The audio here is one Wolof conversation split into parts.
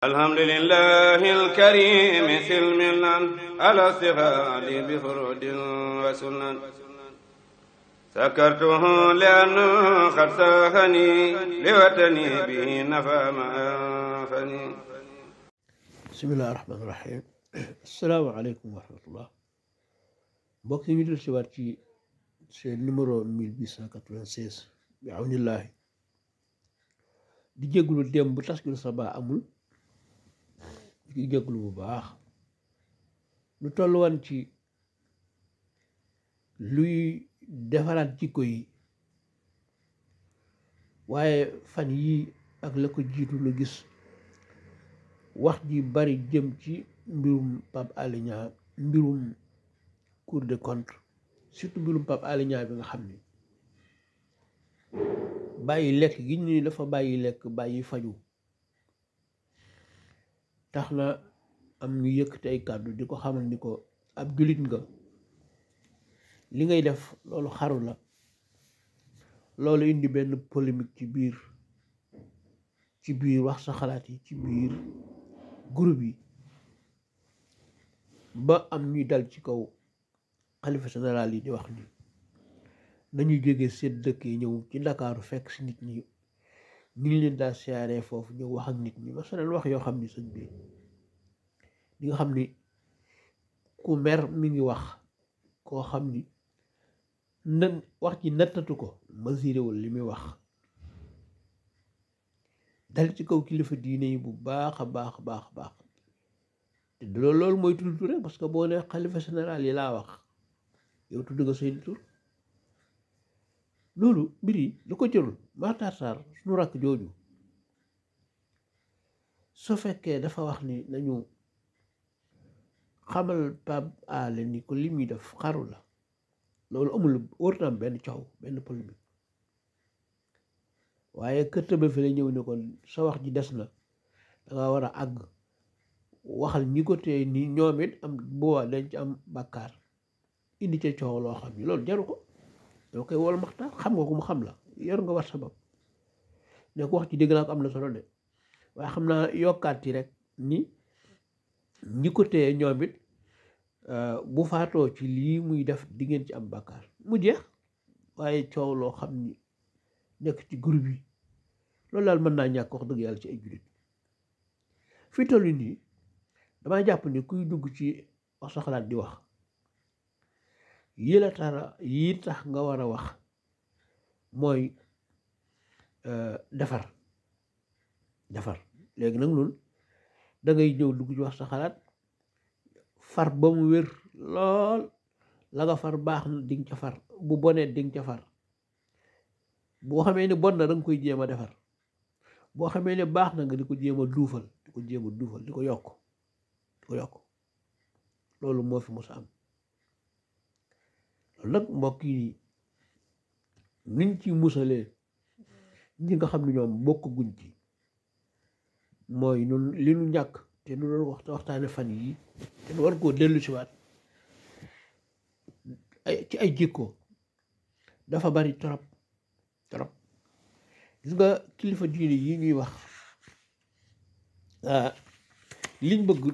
alhamdulilah alkarim silmilan ala stighaali bi furudin wa sunan sakartuhu li annu qad saxani li watani bihi nafa ma anfani bismillahi rahmaani rahiim assalaamu aleykum wa rahmatullah mbokk yi ñu dul si waat ci seen numéro 1896 bi awnillahi di jéggulu dem bu taskil sabaa amul ci bu baax lu toll ci luy defaraat jikko yi waaye fan yi ak la ko jiitu lu gis wax ji bari jëm ci mbirum Pape Alé Niang mbirum Cour des comptes surtout mbirum Pape Alé bi nga xam ni bàyyi lekk gi ñu dafa bàyyi lekk bàyyi faju tax na am ñu yëkkati ay kàddu di ko xamal ni ko ab jullit nga li ngay def loolu xaru la loolu indi benn polémique ci biir ci biir wax sa xalaat yi ci biir groupe yi ba am ñuy dal ci kaw xalifa général yi di wax ni nañu jóge seen dëkk yi ñëw ci ndakaaru fekk si nit ñi ni ngi leen daal siyaaree foofu ñëw wax ak nit ñi masalan wax yoo xam ni sëñ bi li nga xam ni ku mer mi ngi wax koo xam ni nan wax ji nattatu ko mesuré wul li muy wax dal ci kaw kilifa diine yi bu baax a baax a baax a baax te loolu loolu mooy tudd tur rek parce que boo ne xalifa général yi laa wax yow tudd nga seen tur loolu mbir yi lu ko jëlul Matar Sarr suñu rakk jooju su fekkee dafa wax ni nañu xamal Pape Alé ni ko li muy def xaru la loolu amul wër na benn coow benn polémique waaye kër tëbe fi la ñëw ne kon sa wax ji des na danga war a àgg waxal ñi ko téye nii ñoom it am boobaa dañ ci am bàkkaar indi ca coow loo xam ni loolu jaru ko doo koy wool maxtaar xam nga ko mu xam la yor nga war sa bopp ne ko wax ci dégg naa ko am na solo de waaye xam naa yokkaat ci rek ni ñi ko téye ñoom it euh, bu faatoo ci lii muy def di ngeen ci am bàkkaar mu jeex waaye coow loo xam ni nekk ci groupe yi loolu daal mën naa ñàkk wax dëgg yàlla ci ay jullit fi tollu nii damay jàpp ni kuy dugg ci wax sa xalaat di wax yi la tara yi tax nga war a wax mooy euh, defar defar léegi nag loolu dangay ngay dugg ci wax sa xalaat far ba mu wér lool la nga far baax na di ca far bu bonee di nga ca far boo xamee ne bon na da koy jéem a defar boo xamee ne baax na nga di ko jéem a duufal di ko jéema duufal di ko yokk di ko yokk loolu moo fi mos a am loolu nag mbokk yi niñ ci musalee ñi nga xam ne ñoom bokk guñ ci mooy ñun li ñu ñàkk te ñu doon waxtaane fan yi te ñu war koo dellu si waat ay ci ay jikko dafa bari trop trop gis nga kilifa diine yi ñuy wax ah, liñ bëgg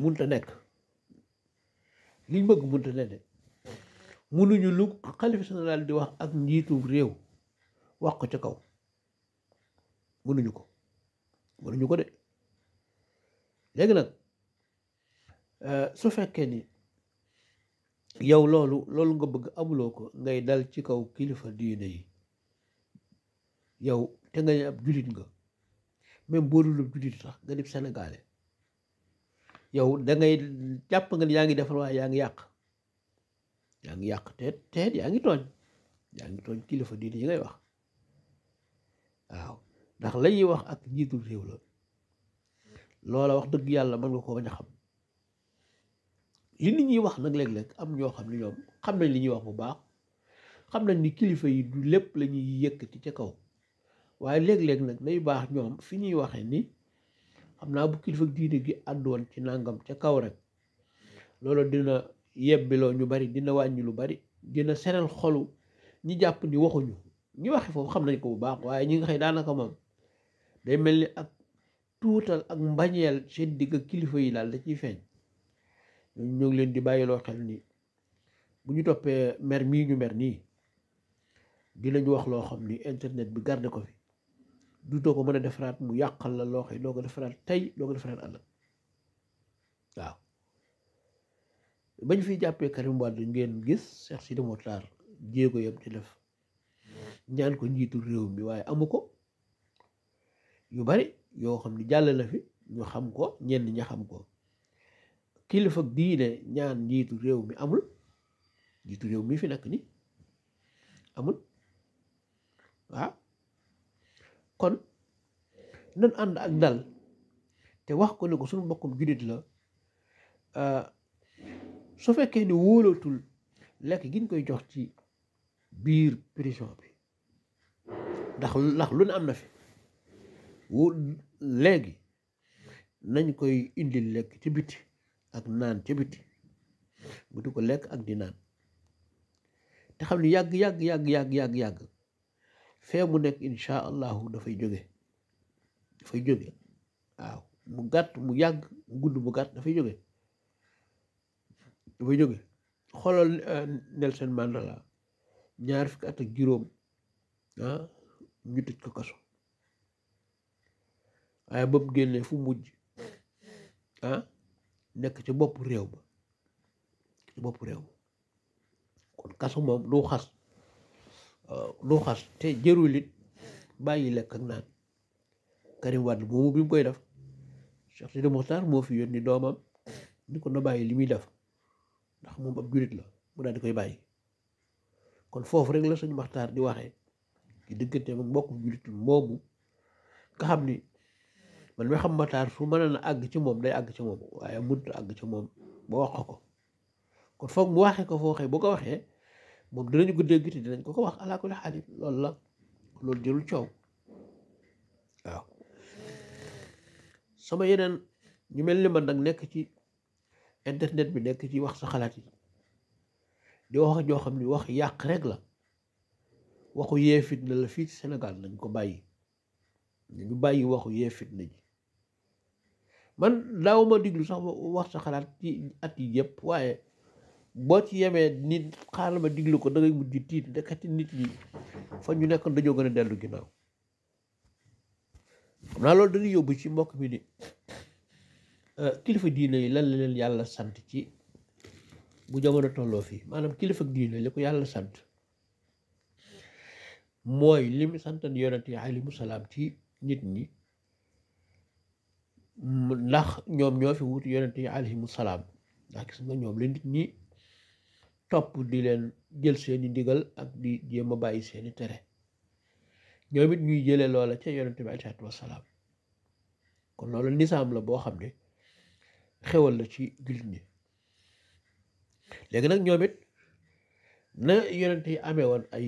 munta nekk liñ bëgg munta nekk mënuñu lu xalifa général di wax ak njiitu réew wax ko ci kaw mënuñu ko mënuñu ko de léegi nag euh, su fekkee ni yow loolu loolu nga bëgg amuloo ko ngay dal ci kaw kilifa diine yi yow te nga ab nga même boo dul ab jullit sax nga dib sénégalais yow da jàpp nga ni yaa ngi defar waaye yaa ngi yàq yaa ngi yàq teet teet yaa ngi tooñ yaa ngi tooñ kilifa diine yi ngay wax waaw ndax la ñuy wax ak njiitul réew la loola wax dëgg yàlla man nga ko bañ a xam li ni ñuy wax nag léeg-léeg am ñoo xam ne ñoom xam nañ li ñuy wax bu baax xam nañ ni kilifa yi du lépp lañuy ñuy yëkkati ca kaw waaye léeg-léeg nag day baax ñoom fi ñuy waxee ni xam naa bu kilifa diine gi àddoon ci nàngam ca kaw rek loolu dina yebbiloo ñu bari dina wàññi lu bari dina seral xolu ñi jàpp ni waxuñu ñi waxe foofu xam nañ ko bu baax waaye ñi nga xëy daanaka moom day mel ni ak tuutal ak mbañeel seen digg kilifa yi daal da ciy feeñ ñu ngi leen di bàyyi bàyyiloo xel ni bu ñu toppee mer mii ñu mer nii dinañ wax loo xam ni internet bi garde ko fi du doo ko mën a defaraat mu yàqal la loo xëy doo ko defaraat tey doo ko defaraat ëllëg waaw bañ fiy jàppee Karim Wade ngeen gis Cheikh Sidi Mokhtar jéego yam ci def ñaan ko njiitul réew mi waaye amu ko yu bari yoo xam ni jàll na fi ñu xam ko ñeen ñu xam ko kilifa diine ñaan njiitu réew mi amul njiitu réew mi fi nekk ni amul waaw kon nan ànd ak dal te wax ko ne ko suñu mbokkum jullit la euh, su fekkee ni wóolatul lekk gi ñu koy jox ci biir prison bi ndax ndax lu ne am na fi wu léegi nañ koy indi lekk ci biti ak naan ci biti bu di ko lekk ak di naan te xam ni yàgg yàgg yàgg yàgg yàgg yàgg fee mu nekk insha allahu dafay jóge dafay jóge waaw mu gàtt mu yàgg mu gudd mu gàtt dafay jóge dafay jóge xoolal euh, Nelson Mandela ñaar fukki at ak juróom ah ñu tëj ko kaso waaye ba mu fu mujj ah, nekk ci bopp réew ma ci bopp réew ma kon kasu moom du xas du xas te jërul it bàyyi lekk ak naan Karim Wade moomu bi mu koy def Cheikh Sidi Mokhtar moo fi yónni doomam ni ko na bàyyi li muy def ndax moom ab jurit la mu daal di koy bàyyi kon foofu rek la suñu maxtaar di waxee ci digganteem ak mbokkum jurit moomu nga xam ni man mi xam maxtaar su mënoon a àgg ci moom day àgg ci moom waaye mënut àgg ci moom ba wax ko kon foog mu waxee ko foo xee bu ko waxee moom dinañu ko dégg te dinañ ko ko wax alaa kulli xaalis loolu la loolu jëlul coow waaw sama yeneen ñu mel ni man nag nekk ci internet bi nekk ci wax sa xalaat yi di wax joo xam ni wax yàq rek la waxu yee fitna la fii ci Sénégal nañ ko bàyyi nañu bàyyi waxu yee fitna ji man daaw ma diglu sax wax sa xalaat ci at yi yëpp waaye boo ci yemee nit xaaral ma diglu ko dangay mujj tiit nekkati nit ñi fa ñu nekk dañoo gën a dellu ginnaaw xam naa loolu dañuy yóbbu ci mbokk mi ni Euh, kilifa diine yi lan la leen yàlla sant ci bu jamono tolloo fii maanaam kilifa diine li ko yàlla sant mooy li mu santan yonent yi salaam ci nit ñi ndax ñoom ñoo fi wuutu yonent yi salaam ndax gis nga ñoom la nit ñi topp di leen jël seeni ndigal ak di jéem bàyyi seeni tere ñoom it ñuy jële loola ca yonent bi alayhi salaatu wasalaam kon loolu nisaam la boo xam ne xewal la ci jullit ñi léegi nag ñoom na yonent yi amee woon ay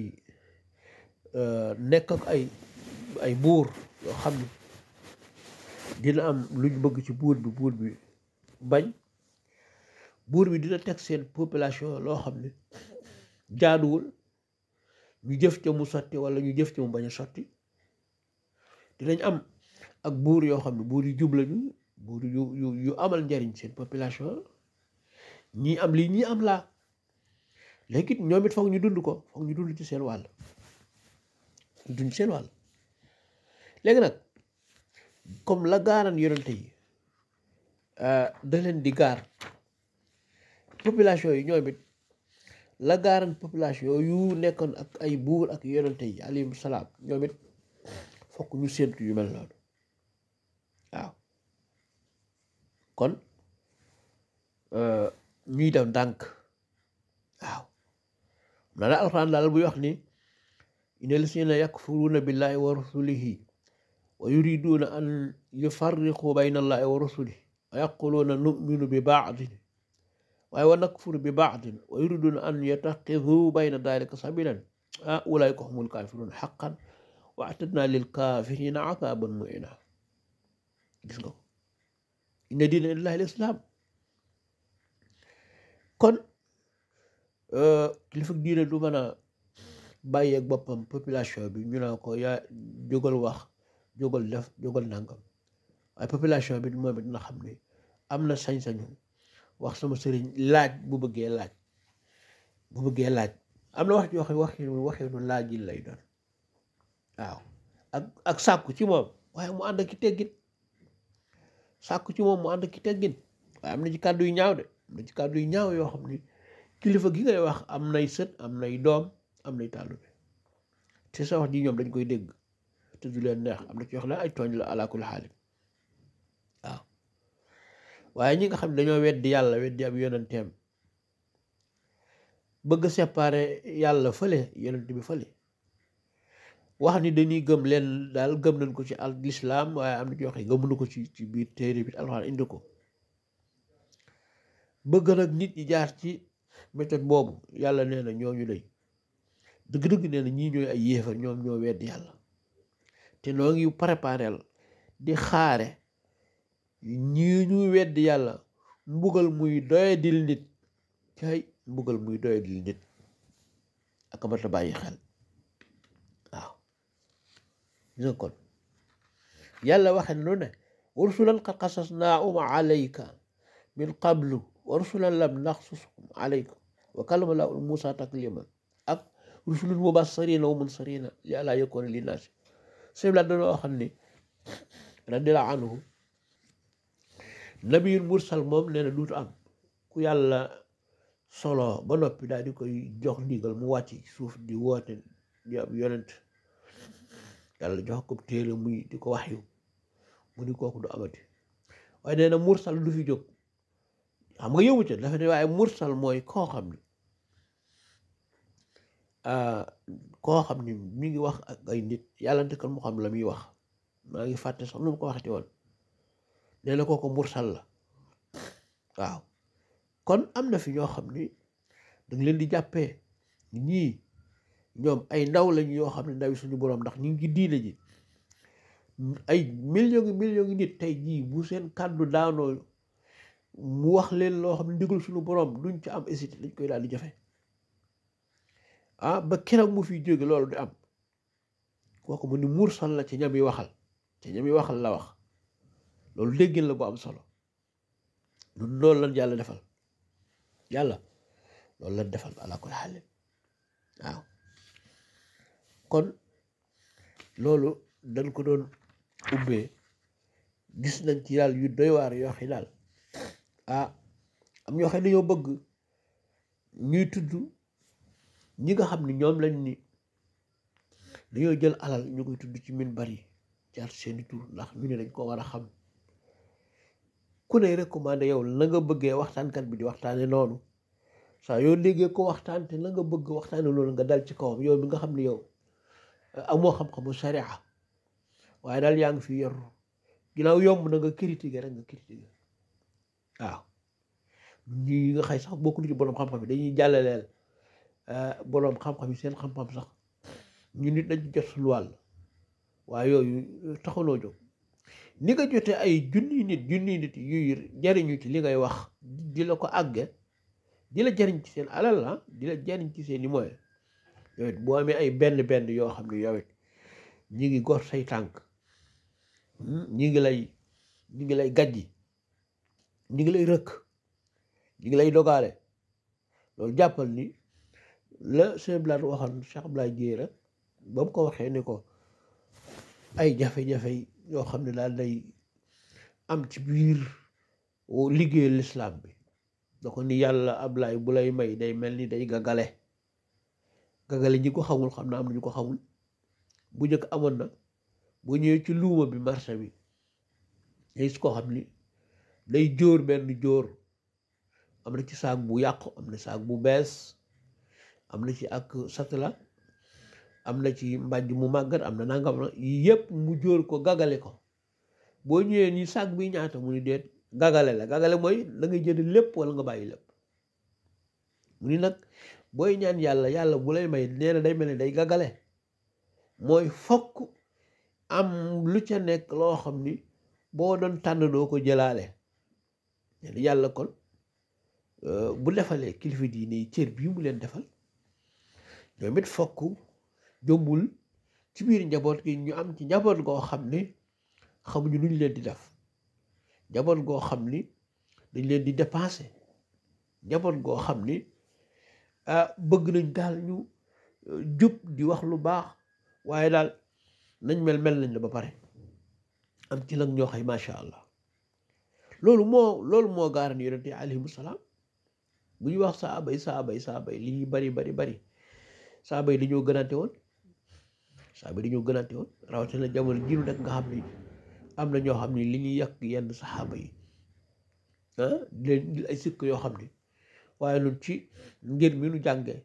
euh, nekk ak ay ay buur yoo xam ne dina am lu ñu bëgg ci buur bi buur bi bañ buur bi dina teg seen population loo xam ne jaaduwul ñu jëf ca mu sotti wala ñu jëf ca mu bañ a sotti dinañ am ak buur yoo xam ne buur yu jubla lañu bu yu yu amal njariñ seen population ñii am lii ñii am laa léegi it ñoom it foog ñu dund ko foog ñu dund ci seen wàll dund seen wàll léegi nag comme la gaaran yonente yi euh, da leen di gaar population yi ñoom la gaaran population yu nekkoon ak ay buur ak yonente yi alayhim salaam ñoomit it fokk ñu séentu yu mel noonu kon euh, ñuy def ndànk waaw na la alxuraan daal buy wax ni inna lasina yakfuruuna billahi wa rasulihi wa yuriduuna an yufarriqu bayna allahi wa rasulihi wa yaquluuna numinu bi baadin waaye wa nakfuru bi baadin wa yuriduuna an yattaxidu bayna dalika sabilan ah ulaayka humul kaafiruun xaqan wa atadna lil kaafirina azaban muina gis nga ko inna diina lillahi lislaam kon euh, kilifa diine du mën a bàyyeek boppam population bi ñu naa ko yaa jógal wax jógal def jógal nangam waaye population bi moom it na xam ne am na sañ-sañu wax sama sëriñ laaj bu bëggee laaj bu bëggee laaj am na wax yoo xam ne laaj yi lay doon waaw ak sàkku ci moom waaye mu ànd ak teggit sàkku ci moom mu ànd ki teggin waaye am na ci kàddu yu ñaaw de am na ci kàddu yu ñaaw yoo xam ne kilifa gi ngay wax am nay sët am nay doom am nay taalube te sa wax ji ñoom dañ koy dégg te du leen neex am na ci wax la ay tooñ la alaakul xaalim waaw waaye ñi nga xam ne dañoo weddi yàlla weddi ab yonenteem bëgg séparer yàlla fële yonent bi fële wax ni dañuy gëm leen daal gëm nañ ko ci al lislaam waaye am na ci wax yi ko ci ci biir téere bi alxuraan indi ko bëgg nag nit ñi jaar ci méthode boobu yàlla nee na ñooñu lay dëgg-dëgg nee na ñii ñooy ay yéefar ñoom ñoo wedd yàlla te noo ngi préparel di xaare ñii ñu wedd yàlla mbugal muy doyadil nit kay mbugal muy doyadil nit ak amata bàyyi xel gis yàlla waxe nu ne wa rusulan qad qasasnaahum alayka min qablu wa rusulan lam naqsushum alayka wa kallama Allahu Muusaa takliiman rusulun mubashiriina wa munziriina li allaa yakuuna linnaasi sëñ bi laa doon wax ni radiyallaahu mursal moom nee na am ku yàlla solo ba noppi daal di koy jox ndigal mu wàcc suuf di woote di ab yonent yàlla jox ko téere muy di ko wax yu mu ni kooku du amati waaye nee na mursal du fi jóg xam nga yëwu ca dafa ne waaye mursal mooy koo xam ni ah, koo mi ngi wax ak ay nit yàllante kan mu xam la muy wax maa ngi fàtte sax nu mu ko waxati woon nee na kooku mursal la waaw kon am na fi ñoo xam ni danga leen di jàppee ñii ñoom ay ndaw lañ yoo xam ne ndawi suñu boroom ndax ñu ngi ci diine ji ay millions yi millions nit tey jii bu seen kàddu daanoo mu wax leen loo xam ne ndigal suñu boroom duñ ci am hésité dañ koy daal di jafe ah ba keroog mu fi jóge loolu di am kooku mu ni mursal la ci ñami waxal ci ñami waxal la wax loolu déggin la bu am solo lu loolu lan yàlla defal yàlla loolu lan defal ala kulli xaal kon loolu dañ ko doon ubbee gis nañ ci daal yu doy waar yoo xam daal ah am ñoo xam ne dañoo bëgg ñuy tudd ñi nga xam ni ñoom lañ ni dañoo jël alal ñu koy tudd ci min bari jaar seeni tur ndax ñu ne dañ ko war a xam ku ne recommandé yow na nga bëggee waxtaankat bi di waxtaane noonu saa yoo léegi ko waxtaan te la nga bëgg waxtaane loolu nga dal ci kawam yow mi nga xam ne yow amoo xam-xamu sharia waaye daal yaa ngi fi yor ginnaaw yomb na nga critiquer rek nga critiquer waaw ñi nga xay sax bokkul ci boroom xam-xam dañuy jàllaleel eh, boroom xam-xam yi seen xam-xam sax ñu nit dañ jot sul wàll waaye yooyu eh, taxuloo jóg ni nga jotee ay junniy nit junniy nit yuy jariñu ci li ngay wax di la ko àgge di la jariñ ci seen alal la ah, di la jariñ ci seen i moyen yow it boo amee ay benn benn yoo xam ne yow it ñi ngi gor say tànk ñi ngi lay ñi ngi lay gàjji ñi ngi lay rëkk ñi ngi lay dogaale loolu jàppal ni la seen blaat waxoon Cheikh Abdoulaye Dieye rek ba mu ko waxee ni ko ay jafe-jafe yoo xam ne daal day am ci biir liggéey lislaam bi da ko ni yàlla Ablaay bu lay may day mel ni day gagale gàngale ñi ko xamul xam naa am na ñu ko xamul bu njëkk amoon na boo ñëwee ci luuma bi marché bi day su ko day jóor benn jóor am na ci saag bu yàqu am na saag bu bees am na ci ak satala am na ci mbàjj mu màggat am na nangam na yii yëpp mu jóor ko gàngale ko boo ñëwee nii saag bi ñaata mu ni deet gàngale la gàngale mooy la ngay jënd lépp wala nga bàyyi lépp mu ni nag booy ñaan yàlla yàlla bu lay may nee day mel ni day gàggale mooy fokk am lu ca nekk loo xam ni boo doon tànn doo ko jëlaale yàlla kon euh, bu defalee kilifa diine yi cër bii mu leen defal ñoom it fokk jombul ci biir njaboot gi ñu am ci njaboot goo xam ni xamuñu lu leen di def njaboot goo xam ni dañ leen di dépensé njaboot goo xam ni Ah, bëgg nañ daal ñu euh, jub di wax lu baax waaye daal nañ mel mel nañ la ba pare am ci lag ñoo xay macha allah loolu moo loolu moo gaaran yonente yi alayhimu salaam bu ñu wax saaba yi saaba yi saaba li ñuy bari bari bari saaba yi dañoo gënaante woon saaba yi dañoo gënaante woon rawatina jamono jiinu nekk nga xam ni am na ñoo xam ni li ñuy yàq yenn saxaaba yi ah di ay sikk yoo xam ni waaye loolu ci ngir mi nu jàngee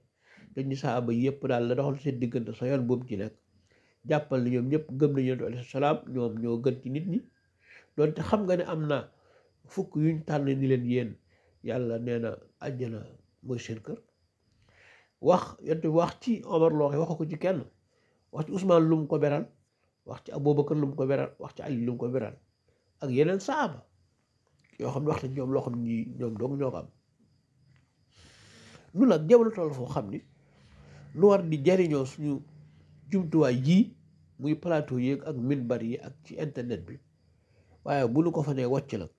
dañu saaba yëpp daal la doxal seen diggante sa yoon boobu ci nekk jàppal ne ñoom ñëpp gëm nañu yonent alayhi salaam ñoom ñoo gën ci nit ñi doonte xam nga ne am na fukk yuñ tànn ni leen yéen yàlla nee na àjjana mooy seen kër wax yonent wax ci Omar looxe waxu ko ci kenn wax ci usmaan lu mu ko beral wax ci Aboubacar lu mu ko beral wax ci Ali lum ko beral ak yeneen saaba yoo xam ne wax nañ loo xam ne ñoom doog ñoo ko am lu nag jamono toll foo xam ni nu war di jariñoo suñu jumtuwaay yii muy plateau yi ak minbar yi ak ci internet bi waaye bu nu ko fa nee wàcc nag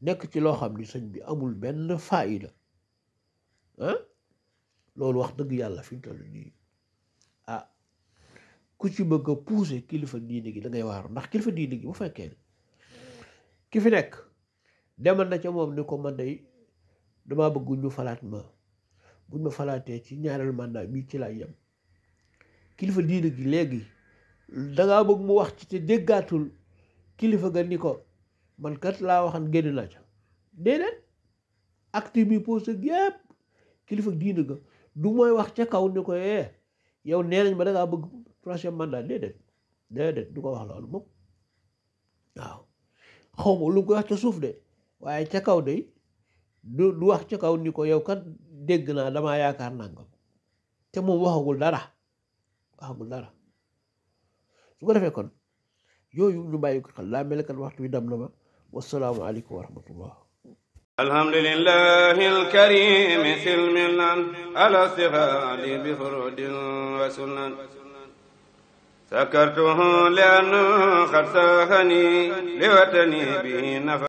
nekk ci loo xam ni sëñ bi amul benn faayida loolu wax dëgg yàlla fi toll nii ah ku ci bëgg a pousser kilifa diine gi da ngay waaru ndax kilifa diine gi bu fekkee ne ki fi nekk demal na ca moom ni ko man day dama bëgguñu falaat ma buñ ma falaatee ci ñaareelu mandat bi ci laay yem kilifa diina gi léegi dangaa bëgg mu wax ci te déggaatul kilifa ga ni ko man kat laa waxan génn naa ca déedéet acte bi posé yépp kilifa diina ga du mooy wax ca kaw ni ko eh, yow nee nañ ma dangaa bëgg troisième mandat déedéet déedéet du ko wax loolu moom waaw xaw ma lu ko wax ca suuf de waaye ca kaw de du du wax ca kaw ni ko yow kat dégg naa damaa yaakaar nangam te moom waxagul dara waxagul dara su ko defee kon yooyu ñu bàyyi ko xel laa melekat waxtu wi dam na ma wasalaamu aleykum wa rahmatullah alkarim silmilan alastihadi bi furudin wa sakartuhu lian qad sahani liwatani bihi nafa